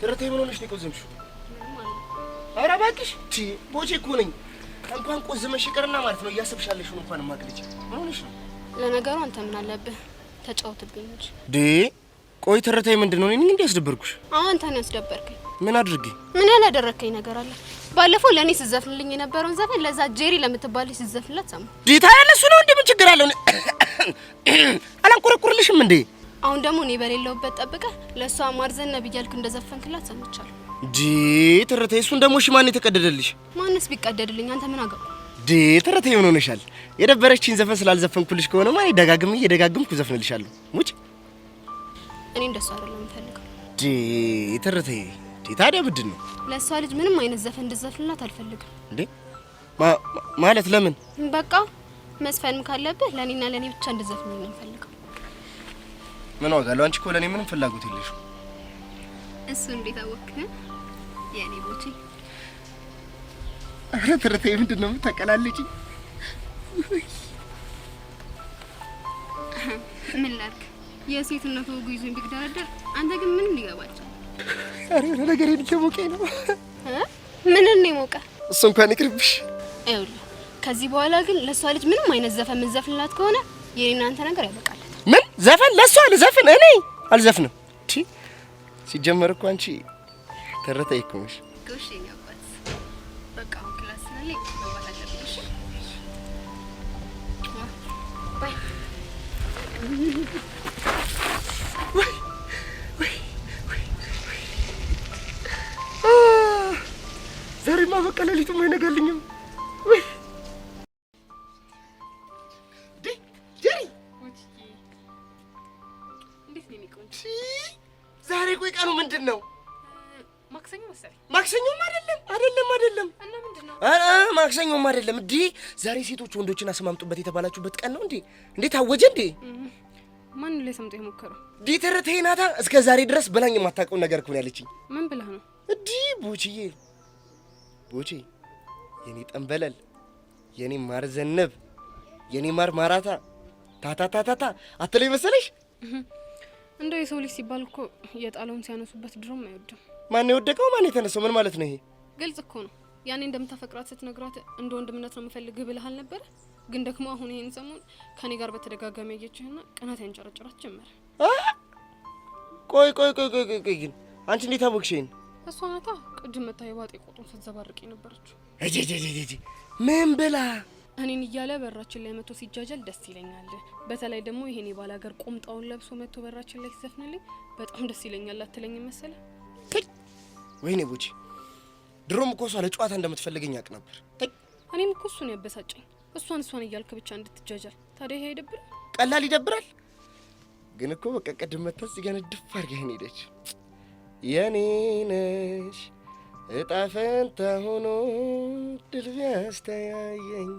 ትርቴ ምን ሆነሽ ነው የቆዘምሽው? ኧረ እባክሽ ቺ ቦቼ እኮ ነኝ። እንኳን ቆዘመሽ ይቅርና ማለት ነው እያሰብሻለሽ ነው እንኳን ማግለጭ። ምን ሆነሽ ነው? ለነገሩ አንተ ምን አለብህ ተጫውትብኝ እንጂ ዲ ቆይ ትርቴ ምንድን ነው? እኔ እንዴ ያስደበርኩሽ? አዎ አንተ ነው ያስደበርከኝ። ምን አድርጌ ምን ያላደረከኝ ነገር አለ? ባለፈው ለእኔ ስዘፍንልኝ የነበረውን ዘፈን ለዛ ጄሪ ለምትባል ስዘፍንላት ሰማሁ። ዲታ ታዲያ ለእሱ ነው እንዴ ምን ችግር አለው? አላንቆረቁርልሽም እንዴ አሁን ደግሞ እኔ በሌለውበት ጠብቀ ለእሷ ማርዘነ እያልክ እንደዘፈንክላት ሰምቻለሁ። ዲ ትርቴ፣ እሱን ደግሞ እሺ፣ ማን የተቀደደልሽ? ማንስ ቢቀደድልኝ አንተ ምን አገባ? ዲ ትርቴ፣ ምን ሆነሻል? የደበረችኝ ዘፈን ስላልዘፈንኩልሽ ከሆነ ማ ደጋግም እየደጋግምኩ ዘፍንልሻለሁ። ሙጭ፣ እኔ እንደሱ አይደለም የምፈልገው። ዲ ትርቴ፣ ታዲያ ምንድን ነው? ለእሷ ልጅ ምንም አይነት ዘፈን እንድዘፍንላት አልፈልግም። እንዴ ማለት ለምን? በቃ መስፈንም ካለብህ ለእኔና ለእኔ ብቻ እንድዘፍንልኝ ነው የምፈልገው። ምን ዋጋለሁ? አንቺ እኮ ለእኔ ምንም ፍላጎት የለሽም። እሱ እንዴት አወቅህ? የእኔ ቦቼ አረት ረቴ ምንድን ነው የምታቀላለችኝ? ምን ላድርግ? የሴትነቱ ወጉ ይዞኝ ቢግደረደር፣ አንተ ግን ምን ሊገባቸው? አረ ነገር ሞቄ ነው። ምንን ነው የሞቀ? እሱ እንኳን ይቅርብሽ። ይኸውልህ ከዚህ በኋላ ግን ለእሷ ልጅ ምንም አይነት ዘፈን ምንዘፍንላት ከሆነ የኔና እናንተ ነገር ያበቃል። ዘፈን ለእሷ አልዘፍን እኔ አልዘፍንም። ሲጀመር እኮ አንቺ ተረታ ይኩምሽ ዛሬማ በቃ ሌሊቱም አይነጋልኝም። እንዴት ነው የሚቆንጆ? ዛሬ ቆይ ቀኑ ምንድን ነው? ማክሰኞ መሰለኝ። ማክሰኞም አይደለም አይደለም አይደለም። እና ምንድን ነው? ማክሰኞም አይደለም። እንዴ ዛሬ ሴቶች ወንዶችን አስማምጡበት የተባላችሁበት ቀን ነው እንዴ? እንዴት ታወጀ እንዴ? ማን ላይ ሰምጦ የሞከረው? እንዴ ተረቴ እስከ ዛሬ ድረስ ብላኝ የማታውቀው ነገር እኮ ነው ያለችኝ። ምን ብለህ ነው? እንዴ ቦቼዬ፣ ቦቼ የኔ ጠንበለል፣ የኔ ማር ዘነብ፣ የኔ ማር ማራታ ታታታታታ አትለኝ መሰለሽ እንደው የሰው ልጅ ሲባል እኮ የጣለውን ሲያነሱበት ድሮም አይወድም። ማን የወደቀው ማን የተነሳው ምን ማለት ነው? ይሄ ግልጽ እኮ ነው። ያኔ እንደምታፈቅራት ስትነግራት እንደ ወንድምነት ነው የምፈልግ ብልሃል ነበረ። ግን ደግሞ አሁን ይሄን ሰሞን ከኔ ጋር በተደጋጋሚ ያየችህና ቅናት ያንጨረጭራት ጀመረ። ቆይ ቆይ ቆይ ቆይ ቆይ ግን አንቺ እንዴት አወቅሽኝ? እሷ ናታ ቅድም መታ የባጤ ቆጡን ስትዘባርቅ የነበረችው። ምን ብላ እኔን እያለ በራችን ላይ መቶ ሲጃጀል ደስ ይለኛል። በተለይ ደግሞ ይሄን ሀገር ቁምጣውን ለብሶ መቶ በራችን ላይ ሲዘፍንልኝ በጣም ደስ ይለኛል። አትለኝ መሰለ? ወይኔ ቦቼ፣ ድሮም እኮ እሷ ለጨዋታ እንደምትፈልገኝ ያውቅ ነበር። እኔም እኮ እሱን ያበሳጨኝ እሷን እሷን እያልክ ብቻ እንድትጃጃል። ታዲያ ይሄ አይደብርም? ቀላል ይደብራል። ግን እኮ በቃ ቅድም መታ እዚህ ጋር ድፍ አድርጋ ይሄን ሄደች። የኔ ነሽ እጣ ፈንታ ሆኖ ድል ያስተያየኝ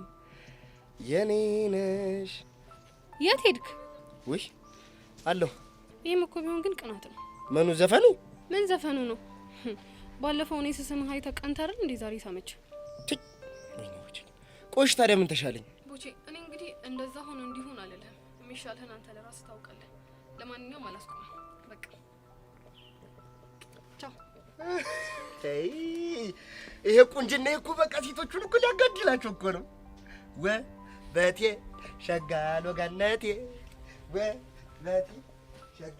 የኔ ነሽ። የት ሄድክ? ውይ አለሁ። ይህም እኮ ቢሆን ግን ቅናት ነው። ምኑ ዘፈኑ? ምን ዘፈኑ ነው? ባለፈው እኔ ስስምህ አይተህ ቀንተህ እንዴ ዛሬ ሳመች። ቆሽ ታዲያ ምን ተሻለኝ? ቦቼ እኔ እንግዲህ እንደዛ ሆነ እንዲሆን አልልህም። የሚሻልህን አንተ ለራስህ ታውቃለህ። ለማንኛውም አላስቆም በቃ ቻው። ይሄ ቁንጅና እኮ በቃ ሴቶቹን እኮ ሊያጋድላቸው እኮ ነው ወ በቴ ሸጋ ሎጋነቴ በቴ ሸጋ